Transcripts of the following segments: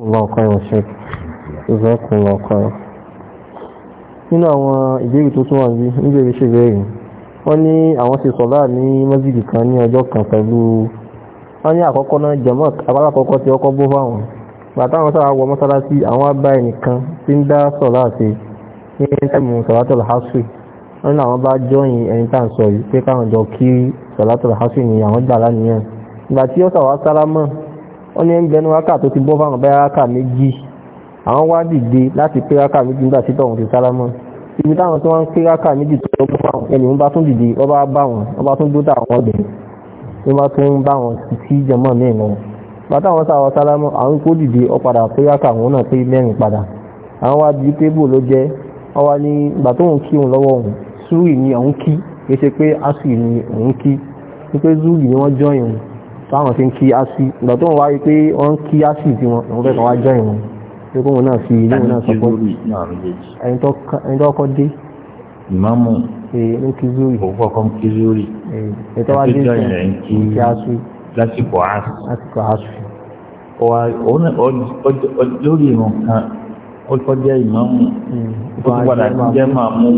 Allah khair wa sheik. Jazakallah khair. Nínú àwọn ìbéèrè tó tún wà ní ìbéèrè ṣe bẹ̀rẹ̀. Wọ́n ní àwọn ṣe sọ̀lá ní kan ní kan pẹ̀lú wọ́n ní àkọ́kọ́ náà jẹ̀mọ́ ti ọkọ́ bó fáwọn. Bàtà àwọn sára wọ mọ́sálásí àwọn abá ẹnìkan ń dá sọ̀lá ní Wọ́n ní àwọn bá jọyìn ẹni tá à ń sọ yìí pé káwọn jọ kí ni àwọn gbà wọ́n ní ẹgbẹ̀ẹ́nu rákà tó ti bọ́ fáwọn bẹ́ẹ̀ rákà méjì àwọn wá dìde láti pé rákà méjì nígbà tí tọ̀hún ti sálámọ̀ ibi táwọn tí wọ́n ń pé rákà méjì tó bọ́ fáwọn ẹni ń bá tún dìde wọ́n bá bá wọn wọ́n bá tún dó dà wọ́n bẹ̀rẹ̀ wọ́n bá tún bá wọn sí jẹ̀mọ́ mẹ́rin lọ bàtà wọn sáwọn sálámọ̀ àwọn kó dìde ọ padà pé rákà wọn náà pé mẹ́rin padà àwọn wá di tébù ló jẹ́ wọ́n wá ní ni òun kí kì ni òun kí ni wọ́n táwọn fi ń kí ásí ìgbà tó ń wáyé pé wọ́n ń kí ásí tí wọn àwọn fẹ́ kan wá jẹ́ ìwọ̀n pé kó wọn náà fi ilé wọn náà sọ pé ẹni tó kọ́ dé. ìmáàmù ló kí zúrì. òun kọ́kọ́ ń kí zúrì. ètò wa dé sí kí ásí. lásìkò ásí. lásìkò ásí. lórí ìrùn kan ó kọjá ìmáàmù hmm. ó ti padà jẹ́ màmú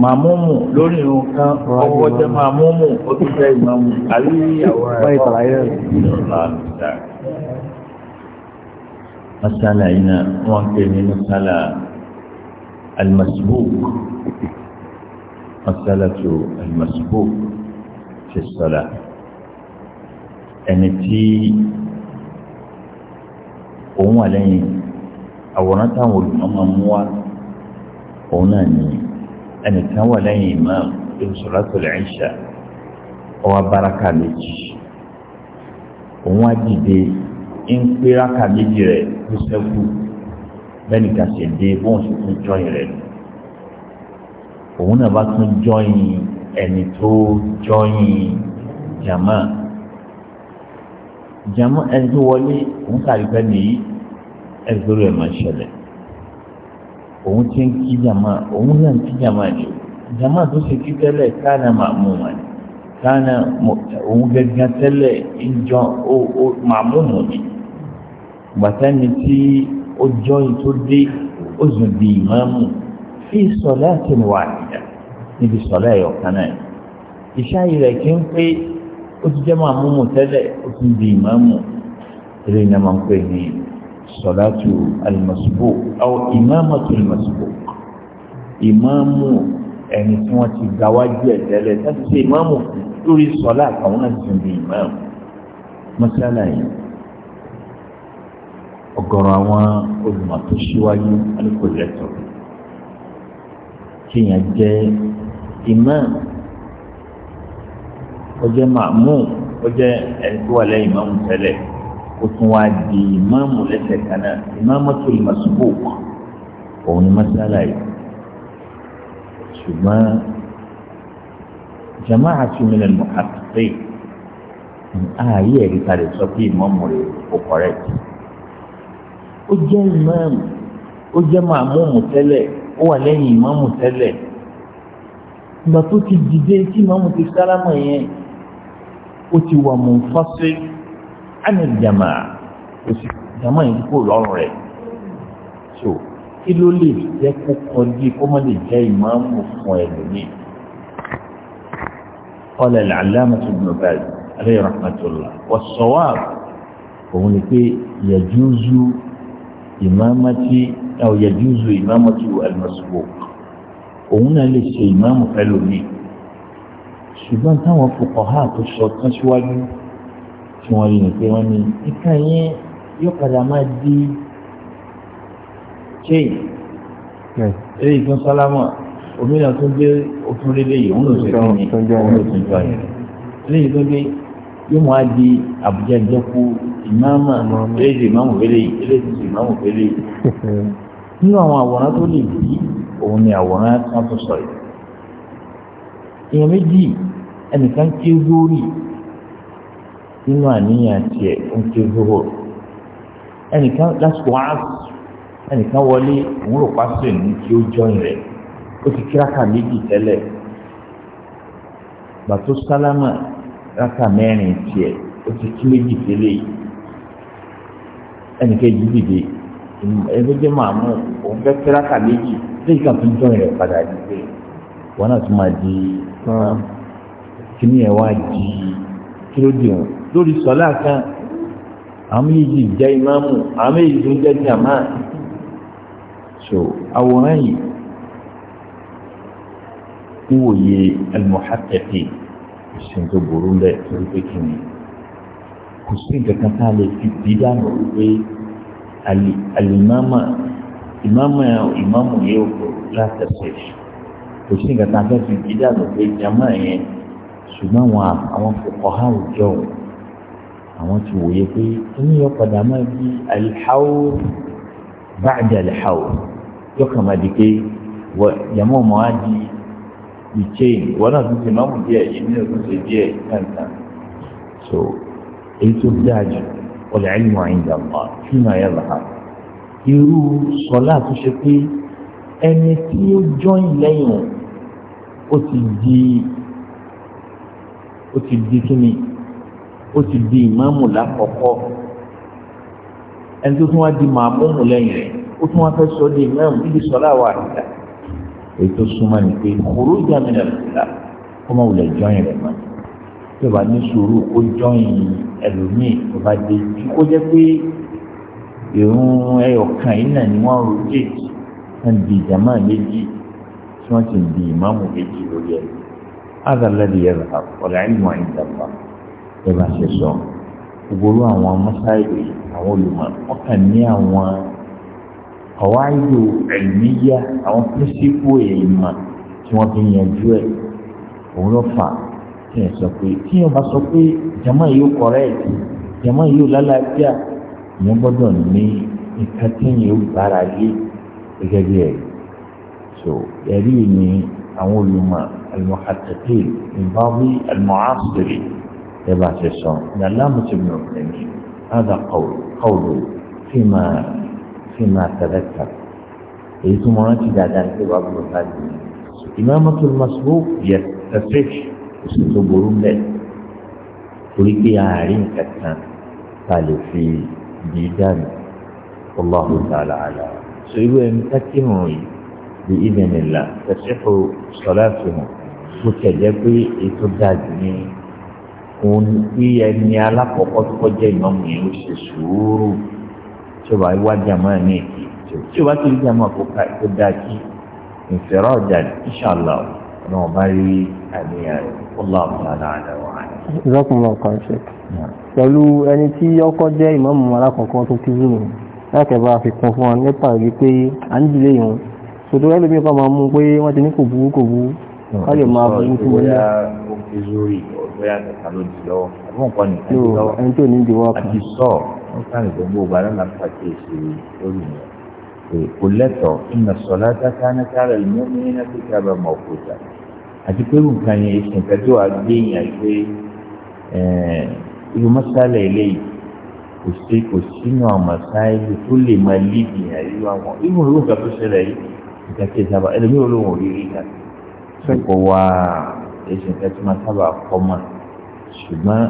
màmúmù lórí irun kan ọwọ́ jẹ́ màmúmù ó ti jẹ́ ìmọ̀mù àríyàwó rẹ̀ ọ̀pọ̀ ìrọ̀lá masala yìí náà wọ́n ń pè ní masala almasbuk masala tó almasbuk fi ẹni tí òun wà lẹ́yìn àwòrán táwọn olùmọ̀ máa mú wa òun náà nìyí ẹnìkan wà lẹ́yìn imam ìṣòlátò lẹ́yìnṣà ọwọ́ abáraka méjì òun á dìde ń pé raka méjì rẹ̀ tó sẹ́kù bẹ́ẹ̀ nìkan ṣe dé bóun sì tún jọyìn rẹ̀ òun náà bá tún jọyìn ẹni tó jọyìn jama jama ẹni tó wọlé òun kàrí fẹ́ nìyí ẹgbẹ́rún ẹ̀ máa ń ṣẹlẹ̀ òun ti ń kí jàmá òun náà ń kí jàmá ni jàmá tó ṣe kí tẹ́lẹ̀ káàna màmúmà ni káàna òun gẹ́gẹ́ tẹ́lẹ̀ ìjọ màmúmù ni gbàtẹ́ni tí ó jọ tó dé ó zùn di ìmáàmù fi sọ̀lá ti wà níjà níbi sọ̀lá ẹ̀yọ̀ kan náà iṣẹ́ ìrẹ̀ kí ń pé ó ti jẹ́ màmúmù tẹ́lẹ̀ ó ti di ìmáàmù eré iná máa ń pè ní ìlú. صلاة المسبوق أو إمامة المسبوق إمام ẹni tí wọ́n ti gba wájú ẹ tẹ́lẹ̀ láti ṣe ìmáàmù lórí sọlá àtàwọn náà ti di ìmáàmù mọsálà yìí ọ̀gọ̀rọ̀ àwọn olùmọ̀ tó ṣíwájú alikọlẹtọ kéèyàn jẹ ìmáàmù ó jẹ màmú ẹni tó wà lẹ́yìn ìmáàmù tẹ́lẹ̀ ó tún wá di ìmáàmù lẹ́sẹ̀ kan náà ìmáàmù tó ìmọ̀ sùpò òun ni mọ́sálà yìí ṣùgbọ́n jama'a tún mi lẹ́nu àtúntè ààyè ẹ̀rí kalẹ̀ sọ pé ìmáàmù rẹ̀ kò kọ̀rẹ́tì ó jẹ́ ìmáàmù ó jẹ́ màmúùmù tẹ́lẹ̀ ó wà lẹ́yìn ìmáàmù tẹ́lẹ̀ ìgbà tó ti dìde tí ìmáàmù ti sálámà yẹn ó ti wà mọ̀ fásitì àmì ìjàmà òsì ìjàmà yìí kò lọ́rùn rẹ̀ so kí ló lè jẹ́ kó kọjú kó má lè jẹ́ ìmáàmù fún ẹlòmíì قال العلامة ابن باز عليه رحمة الله والصواب òun ni pé yàjúzù ìmáàmàtí àwọn yàjúzù ìmáàmàtí almasbo òun náà lè ṣe ìmáàmù fẹ́lòmíì ṣùgbọ́n táwọn fuqaha tó sọ tán síwájú tí wọ́n rí ni pé wọ́n ní ìka yẹn yóò padà máa di chain eré ìtún sálámà òmìnira tó gbé òfin lédè yìí òun ló ṣe fún mi òun ló tún jọ yẹn eré ìtún gbé yóò máa di àbújá ìjọkú ìmáàmà eré ìmáàmù fẹlẹ yìí eré ìtún ìmáàmù fẹlẹ yìí nínú àwọn àwòrán tó lè bí òun ni àwòrán tó sọ yìí èèyàn méjì ẹnìkan kí ó lórí nínú àníyàn tiẹ̀ ń ké hóhó ẹnìkan lásìkò áàsì ẹnìkan wọlé òun rò pásítọ̀ ní kí ó jọyìn rẹ̀ ó ti kí rákà méjì tẹ́lẹ̀ bàtó sálámà rákà mẹ́rin tiẹ̀ ó ti kí méjì tẹ́lẹ̀ yìí ẹnìkan yìí dìde ẹgbẹ́ jẹ́ màmú òun fẹ́ kí méjì lẹ́yìn kan tó jọyìn rẹ̀ padà dìde wọn náà tún máa di kíní ẹ̀ wá di kí ló dì wọn lórí sọlá kan àwọn méjì jẹ́ ìmáàmù àwọn méjì tó jẹ́ jàmá so àwòrán yìí níwòye al-muhaqqiqin ìṣẹ̀yìn tó burú lẹ̀ torí pé kí ni kò sí nǹkan kan tá a lè fi bí dànù wípé alimama imama imamu yìí ó kò látẹ̀sẹ̀ kò sí nǹkan kan tá a fi bí dànù pé jàmá yẹn ṣùgbọ́n àwọn àwọn fòkọ̀ àwùjọ òun àwọn ti wòye pé inú yọ padà máa di alihawo báàdì alihawo yọ kàn máa di pé wọ yàmú ọmọ wa di ìchain wọn náà tún ti máa mú díẹ̀ èmi náà tún ti díẹ̀ kankan so èyí tó dáa jù ọlẹ ẹlẹmọ àyìnbá mọ kí máa yẹ bàá irú sọlá tó ṣe pé ẹni tí ó jọyìn lẹ́yìn ó ti di ó ti di kí ni ó ti di ìmáàmù lákọ̀ọ́kọ́ ẹni tó tún wá di màmúmù lẹ́yìn rẹ̀ ó tún wá fẹ́ sọ di ìmáàmù níbi sọ́lá wà níta èyí tó súnmọ́ ni pé kúrú jàmínà lọ́la kó má wulẹ̀ jọyìn rẹ̀ mọ́ tó bá ní sùúrù kó jọyìn ẹlòmíì tó bá dé bí kó jẹ́ pé ìrún ẹyọkan yìí náà ni wọ́n rò déètì wọ́n di ìjàmáà méjì tí wọ́n ti di ìmáàmù méjì lórí ẹ̀ هذا الذي يذهب والعلم عند الله bẹ́ẹ̀ bá ṣe sọ gbogbo àwọn mọ́sáìlì àwọn olùmọ̀ wọ́n kàn ní àwọn ọ̀wáyò ẹ̀míyá àwọn pírísípù èèmọ̀ tí wọ́n fi yanjú ẹ̀ òun ló fà tí yẹn sọ pé tí yẹn bá sọ pé jama yóò kọrẹ́ẹ̀tì jama yóò lálàáfíà ìyẹn gbọ́dọ̀ ní nǹkan tí yẹn ó bára lé gẹ́gẹ́ bí ẹ̀ so ẹ̀rí ni àwọn olùmọ̀ al-muhaqqiqin ìbáwí al-mu'asiri. كما تسمع العلامة ابن عثيمين هذا قول قول فيما فيما تذكر إذا ما تدعى أبو هذه إمامة المسبوق يتفش وستبرون به تريد أعلم كتان قال في ديدان الله تعالى على سيبوا يمتكنوا بإذن الله تصح صلاتهم متجبي تدعني òun tí ẹni alákọ̀ọ́kọ́ tó jẹ́ ìmọ̀mù yẹn ó ṣe sùúrù tí ó bá wá jàmọ́ ẹ̀ ní èkì tí ó bá ti rí jàmọ́ àkókò tó dáa kí ìfẹ̀rọ̀ ọ̀jà ìṣàlọ̀ ọ̀nà ọ̀bá rí àníyàn rẹ̀ ó lọ́ọ̀ fún aláàdá wa. ìrọ́kùnrin ọkọ̀ ṣe pẹ̀lú ẹni tí ọkọ̀ jẹ́ ìmọ̀mù alákọ̀ọ́kọ́ tó kí zùmù lákẹ̀bá àfikún fún wọn nípa rí pé à ń dìlé ìhun sòtò ẹlòmíì kan máa mú pé wọ́n ti ní kò burú kò burú ká lè máa burú tó wọlé bóyá kẹta ló di lọ́wọ́ àbúrò nǹkan nìkan di lọ́wọ́ ẹni tó ní di wọ́n kan àti sọ wọn sáré gbogbo ọgbà náà pàṣẹ ìṣèlú lórí yẹn kò lẹ́tọ̀ ìnà sọ̀lá dáká ní káàrẹ̀ lómi iná tó ti àbá mọ̀ òkúta àti pé nǹkan yẹn ìṣẹ̀ǹkẹ́ tó wà gbé yẹn pé eh, irú mọ́sálẹ̀ eléyìí kò sí kò sínú àwọn sáyẹ́lì tó lè máa líbi yẹn irú àwọn irú nǹkan tó ṣẹlẹ̀ yìí nǹkan tó ṣe sábà ẹlòmíràn olóhùn orí rí náà. sẹ́kọ̀ọ́ wá kì í ṣe nǹkan tí máa sábà kọ́ mọ́ ṣùgbọ́n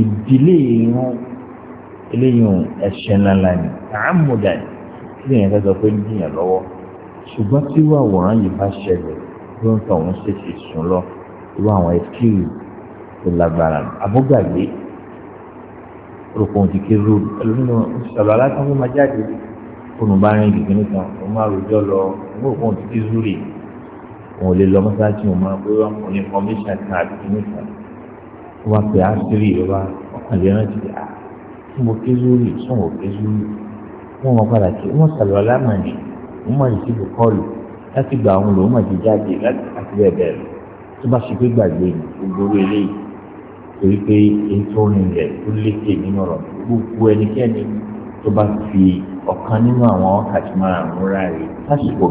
ìdílé irun eléyìí ẹ̀ṣẹ̀ ńláńlá ni àmúdà kí ni ẹ̀ka sọ pé ń dìyàn lọ́wọ́ ṣùgbọ́n tí wọ́n àwòrán yìí bá ṣẹlẹ̀ ló ń tọ̀ wọ́n ṣèṣì sùn lọ irú àwọn ẹ̀skíìlì tó lágbára abúgbàgbé rògbòn ti ké rúù ẹlòmínú ìṣàlọ́ aláṣẹ fún ma jáde olùbárìn ìdìgbò nìkan òun máa rojọ́ lọ òun ti ké rúù rèé wọn ò lè lọ mọ́sáàtì wọn máa gbé wọn ní kọmíṣà kan àti kọmíṣà wọn wá pé àṣírí ìrọba ọkàlẹ rántí à fún mo ké lórí sún ò ké lórí wọn wọn padà sí wọn sàlọ aláma ni wọn máa yìí síbi kọlù láti gba àwọn lòun máa ti jáde láti àti bẹ́ẹ̀ bẹ́ẹ̀ lọ tó bá ṣe pé gbàgbé ni gbogbo eléyìí torí pé ètò ìrìnlẹ̀ tó lékè nínú ọ̀rọ̀ gbogbo ẹnikẹ́ni tó bá fi ọ̀kan nínú àwọn kàtìmọ́ra ń rárẹ̀ lásìkò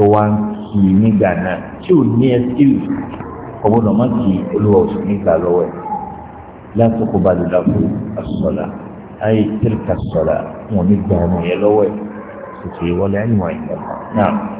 tó wá ń kì í nígbà náà tí ò ní ẹsíkìlì ọgbọ́dọ̀ má kì í olúwa oṣù nígbà lọ́wọ́ ẹ̀ látòkò balùdàbò àsọ̀là ayé tìrìkà sọ̀là wọn nígbà ọ̀run yẹn lọ́wọ́ ẹ̀ tètè wọlé àyìnwá ìgbà náà.